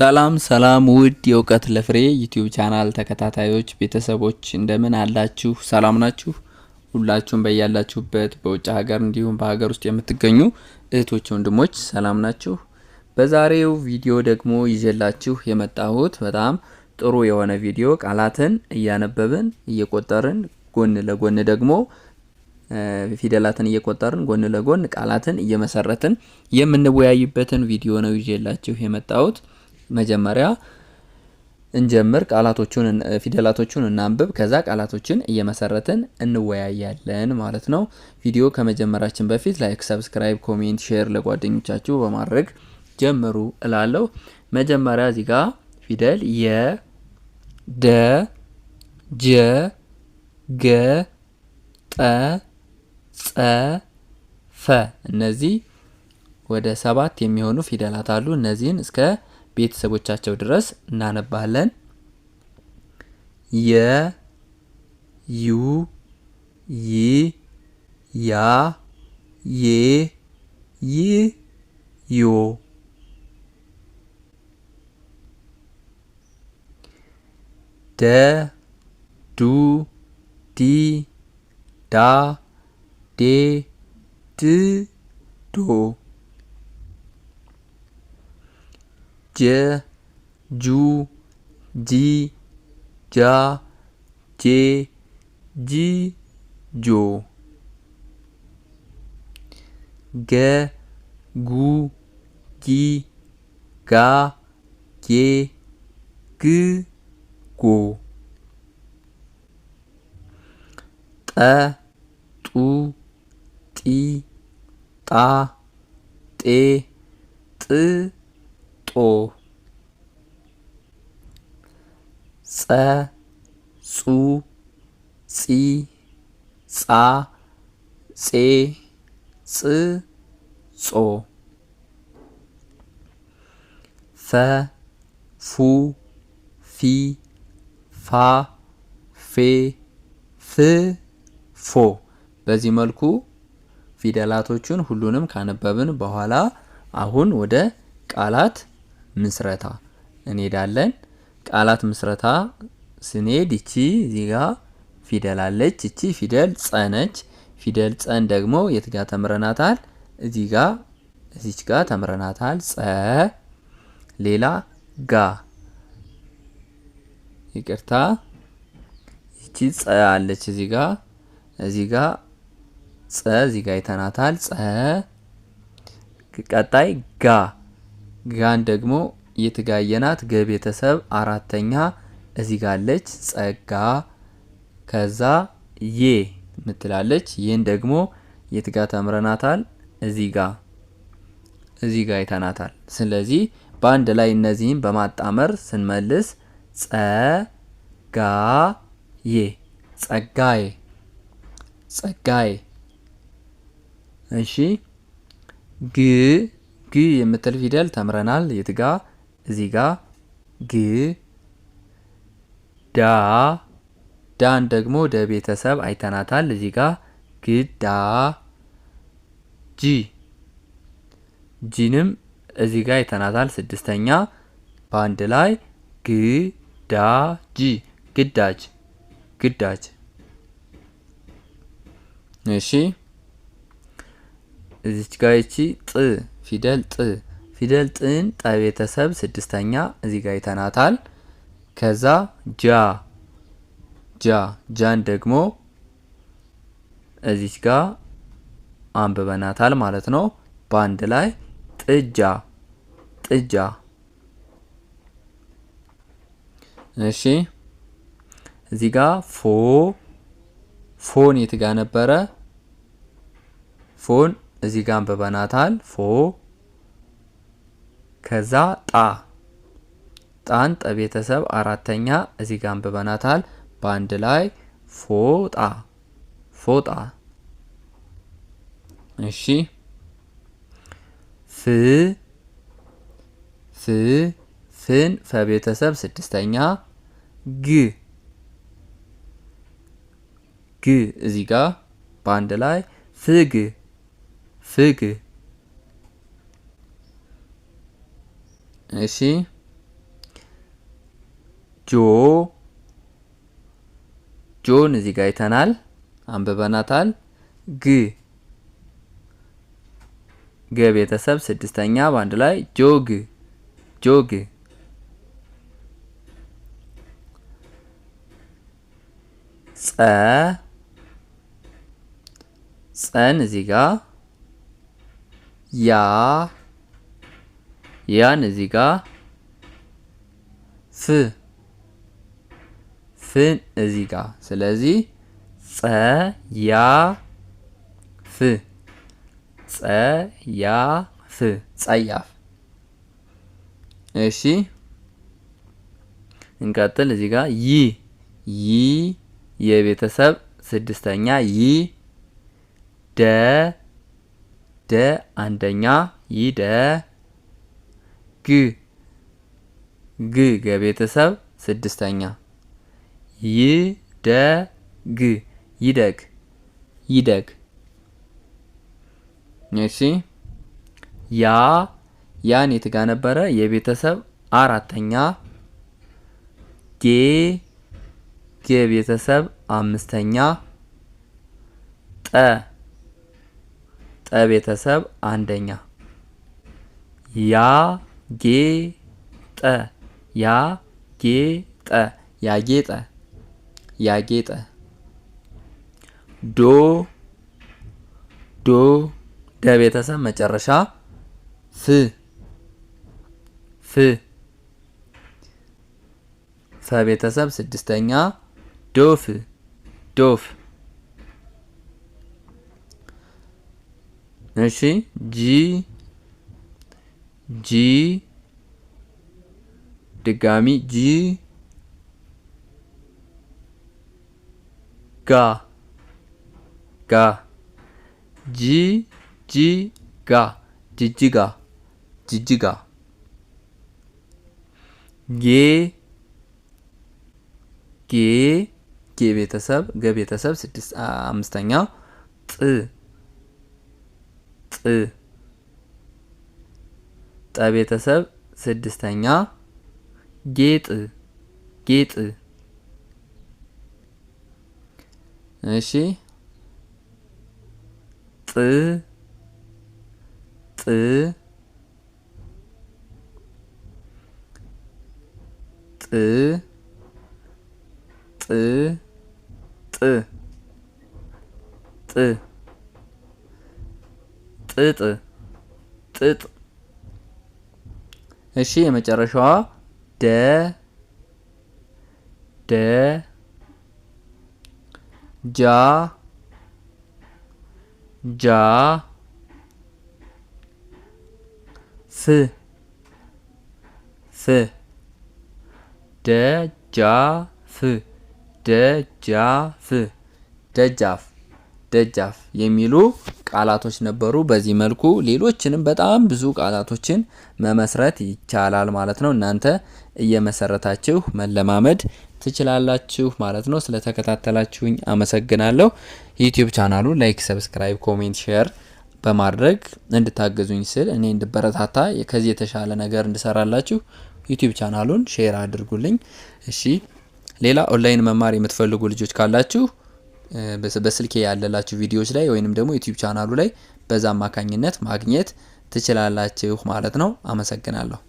ሰላም ሰላም ውድ የእውቀት ለፍሬ ዩቲዩብ ቻናል ተከታታዮች ቤተሰቦች እንደምን አላችሁ? ሰላም ናችሁ? ሁላችሁም በያላችሁበት በውጭ ሀገር እንዲሁም በሀገር ውስጥ የምትገኙ እህቶች ወንድሞች ሰላም ናችሁ? በዛሬው ቪዲዮ ደግሞ ይዤላችሁ የመጣሁት በጣም ጥሩ የሆነ ቪዲዮ ቃላትን እያነበብን እየቆጠርን ጎን ለጎን ደግሞ ፊደላትን እየቆጠርን ጎን ለጎን ቃላትን እየመሰረትን የምንወያይበትን ቪዲዮ ነው ይዤላችሁ የመጣሁት። መጀመሪያ እንጀምር። ቃላቶቹን ፊደላቶቹን እናንብብ። ከዛ ቃላቶችን እየመሰረትን እንወያያለን ማለት ነው። ቪዲዮ ከመጀመራችን በፊት ላይክ፣ ሰብስክራይብ፣ ኮሜንት፣ ሼር ለጓደኞቻችሁ በማድረግ ጀምሩ እላለሁ። መጀመሪያ እዚህ ጋ ፊደል የ፣ ደ፣ ጀ፣ ገ፣ ጠ፣ ጸ፣ ፈ እነዚህ ወደ ሰባት የሚሆኑ ፊደላት አሉ። እነዚህን እስከ ቤተሰቦቻቸው ድረስ እናነባለን። የ ዩ ይ ያ ዬ ይ ዮ ደ ዱ ዲ ዳ ዴ ድ ዶ ጀ ጁ ጂ ጃ ጄ ጂ ጆ ገ ጉ ጊ ጋ ጌ ግ ጎ ጠ ጡ ጢ ጣ ጤ ጥ ጦ ጸ ጹ ጺ ጻ ጼ ጽ ጾ ፈ ፉ ፊ ፋ ፌ ፍ ፎ በዚህ መልኩ ፊደላቶቹን ሁሉንም ካነበብን በኋላ አሁን ወደ ቃላት ምስረታ እንሄዳለን። ቃላት ምስረታ ስንሄድ እቺ እዚጋ ፊደል አለች። እቺ ፊደል ጸነች። ፊደል ጸን ደግሞ የት ጋ ተምረናታል? እዚህ ጋ እዚች ጋ ተምረናታል። ጸ ሌላ ጋ ይቅርታ፣ ይቺ ጸ አለች። እዚህ ጋ እዚህ ጋ ጸ እዚህ ጋ ይተናታል። ጸ ቀጣይ ጋ ጋን ደግሞ የትጋየናት ገቤተሰብ አራተኛ እዚህ ጋለች ጸጋ ከዛ የ ምትላለች። ይህን ደግሞ የትጋ ተምረናታል እዚህ ጋ እዚህ ጋ ይተናታል። ስለዚህ በአንድ ላይ እነዚህን በማጣመር ስንመልስ የ ጸጋዬ ጸጋዬ። እሺ ግ ግ የምትል ፊደል ተምረናል። የት ጋ? እዚህ ጋ ግ ዳ ዳን ደግሞ ደ ቤተሰብ አይተናታል። እዚህ ጋ ግዳ ጂ ጂንም እዚህ ጋ አይተናታል። ስድስተኛ በአንድ ላይ ግዳጂ ግዳጅ ግዳጅ። እሺ እዚች ጋ ይቺ ጥ ፊደል ጥ ፊደል ጥን ጠ ቤተሰብ ስድስተኛ እዚህ ጋ ይተናታል። ከዛ ጃ ጃ ጃን ደግሞ እዚች ጋ አንብበናታል ማለት ነው። በአንድ ላይ ጥጃ ጥጃ። እሺ እዚህ ጋ ፎ ፎን የት ጋ ነበረ ፎን እዚህ ጋር አንብበናታል። ፎ ከዛ ጣ ጣን ጠቤተሰብ አራተኛ እዚህ ጋር አንብበናታል። በአንድ ላይ ፎጣ ፎጣ። እሺ ፍ ፍ ፍን ፈቤተሰብ ስድስተኛ ግ ግ እዚህ ጋር በአንድ ላይ ፍግ ፍግ እሺ ጆ ጆን እዚህ ጋር አይተናል፣ አንብበናታል። ግ ገ ቤተሰብ ስድስተኛ በአንድ ላይ ጆግ ጆግ። ጸ ጸን እዚህ ጋር ያ ያን እዚህ ጋር ፍ ፍን እዚህ ጋር ስለዚህ ጸ ያ ፍ ጸ ያ ፍ ጸያፍ። እሺ እንቀጥል። እዚህ ጋር ይ ይ የቤተሰብ ስድስተኛ ይ ደ ደ አንደኛ ይደ ግ ግ ገቤተሰብ ስድስተኛ ይ ደ ግ ይደግ ይደግ እሺ ያ ያን የት ጋ ነበረ? የቤተሰብ አራተኛ ጌ ጌ ቤተሰብ አምስተኛ ጠ ጠ ቤተሰብ አንደኛ ያ ጌ ጠ ያ ጌ ጠ ያጌጠ ያጌጠ ዶ ዶ ደ ቤተሰብ መጨረሻ ፍ ፍ ፈ ቤተሰብ ስድስተኛ ዶፍ ዶፍ እሺ ጂ ጂ ድጋሚ ጂ ጋ ጋ ጂ ጂ ጋ ጂጂጋ ጅጅጋ ጌ ጌ ጌ ቤተሰብ ገ ቤተሰብ ስድስት አምስተኛው ጥ ጥ ጠ ቤተሰብ ስድስተኛ ጌጥ ጌጥ እሺ ጥ ጥ ጥ ጥ ጥ ጥ ጥጥ ጥጥ። እሺ የመጨረሻዋ ደ ደ ጃ ጃ ፍ ፍ ደጃፍ ደጃፍ ደጃፍ ደጃፍ የሚሉ ቃላቶች ነበሩ። በዚህ መልኩ ሌሎችንም በጣም ብዙ ቃላቶችን መመስረት ይቻላል ማለት ነው። እናንተ እየመሰረታችሁ መለማመድ ትችላላችሁ ማለት ነው። ስለተከታተላችሁኝ አመሰግናለሁ። ዩቲዩብ ቻናሉን ላይክ፣ ሰብስክራይብ፣ ኮሜንት፣ ሼር በማድረግ እንድታገዙኝ ስል እኔ እንድበረታታ ከዚህ የተሻለ ነገር እንድሰራላችሁ ዩቲዩብ ቻናሉን ሼር አድርጉልኝ። እሺ ሌላ ኦንላይን መማር የምትፈልጉ ልጆች ካላችሁ በስልኬ ያለላችሁ ቪዲዮዎች ላይ ወይንም ደግሞ ዩቲዩብ ቻናሉ ላይ በዛ አማካኝነት ማግኘት ትችላላችሁ ማለት ነው። አመሰግናለሁ።